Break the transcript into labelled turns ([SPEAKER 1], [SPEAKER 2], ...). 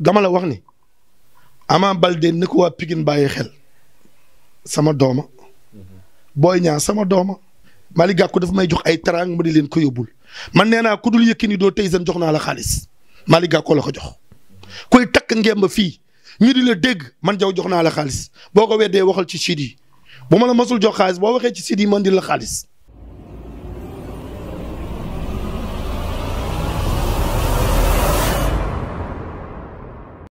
[SPEAKER 1] dama la wax ni Ama Baldé ni ko waa Pikine bàyyi xel sama dooma booy Niang sama dooma Malick Gakou dafa may jox ay taraang ma di leen ko yóbbul man nee naa ku dul Yékini doo tey seen jox naa la xaalis Malick Gakou la ko jox kuy takk ngemba fii ñu di la dégg man jaw jox naa la xaalis boo ko weddee waxal ci sud yi bu ma la masul jox xaalis boo waxee ci sud yi man di la xaalis